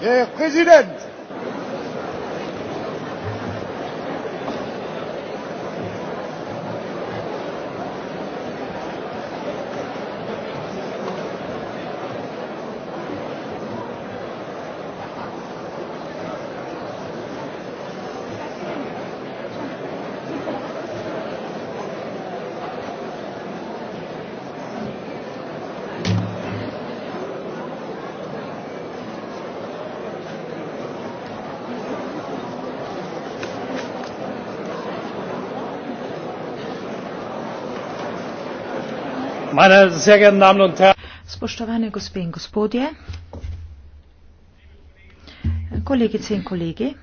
Herr Präsident! Spoštovane gospe in gospodje, kolegice in kolegi.